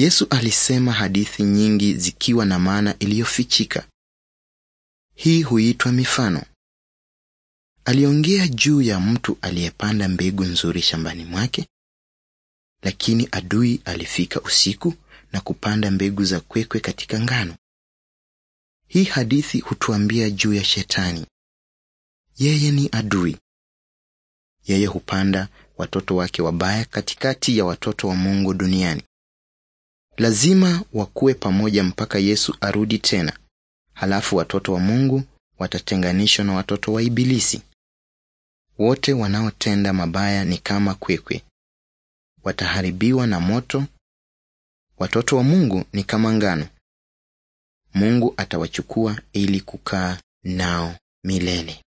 Yesu alisema hadithi nyingi zikiwa na maana iliyofichika. Hii huitwa mifano. Aliongea juu ya mtu aliyepanda mbegu nzuri shambani mwake, lakini adui alifika usiku na kupanda mbegu za kwekwe katika ngano. Hii hadithi hutuambia juu ya Shetani. Yeye ni adui. Yeye hupanda watoto wake wabaya katikati ya watoto wa Mungu duniani. Lazima wakuwe pamoja mpaka Yesu arudi tena. Halafu watoto wa Mungu watatenganishwa na watoto wa Ibilisi. Wote wanaotenda mabaya ni kama kwekwe, wataharibiwa na moto. Watoto wa Mungu ni kama ngano, Mungu atawachukua ili kukaa nao milele.